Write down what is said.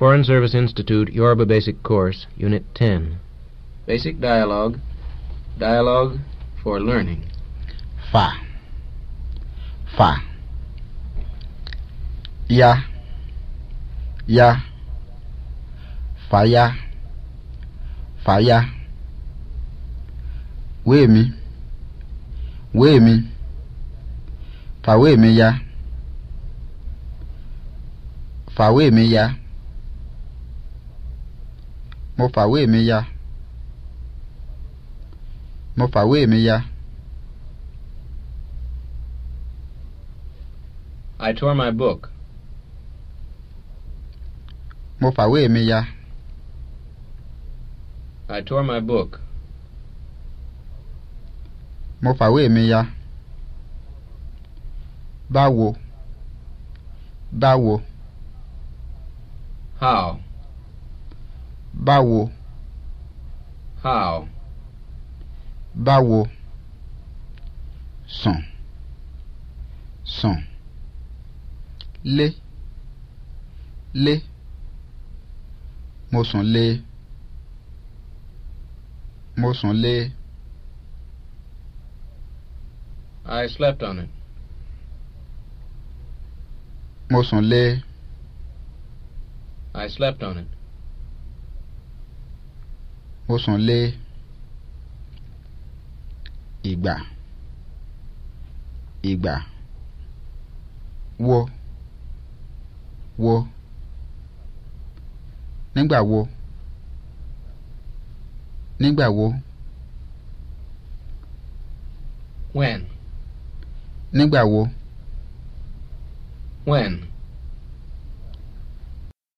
Foreign Service Institute, Yoruba Basic Course, Unit 10. Basic Dialogue, Dialogue for Learning. Fa. Fa. Ya. Ya. Faya. Faya. Wé mi. Wé mi. Fàwé mi ya. Fa Fàwé mi ya. mo fàwé mi ya mo fàwé mi ya. I tore my book. Mo fàwé mi ya. I tore my book. Mo fàwé mi ya. Báwo. Báwo. How? Báwo. How. Báwo. Sàn. Sàn. Lé. Lé. Mo sùn lé. Mo sùn lé. I slept on it. Mo sùn lé. I slept on it. ó sún lé ìgbà ìgbà wo wo nígbà wo nígbà wo. when. nígbà wo. when.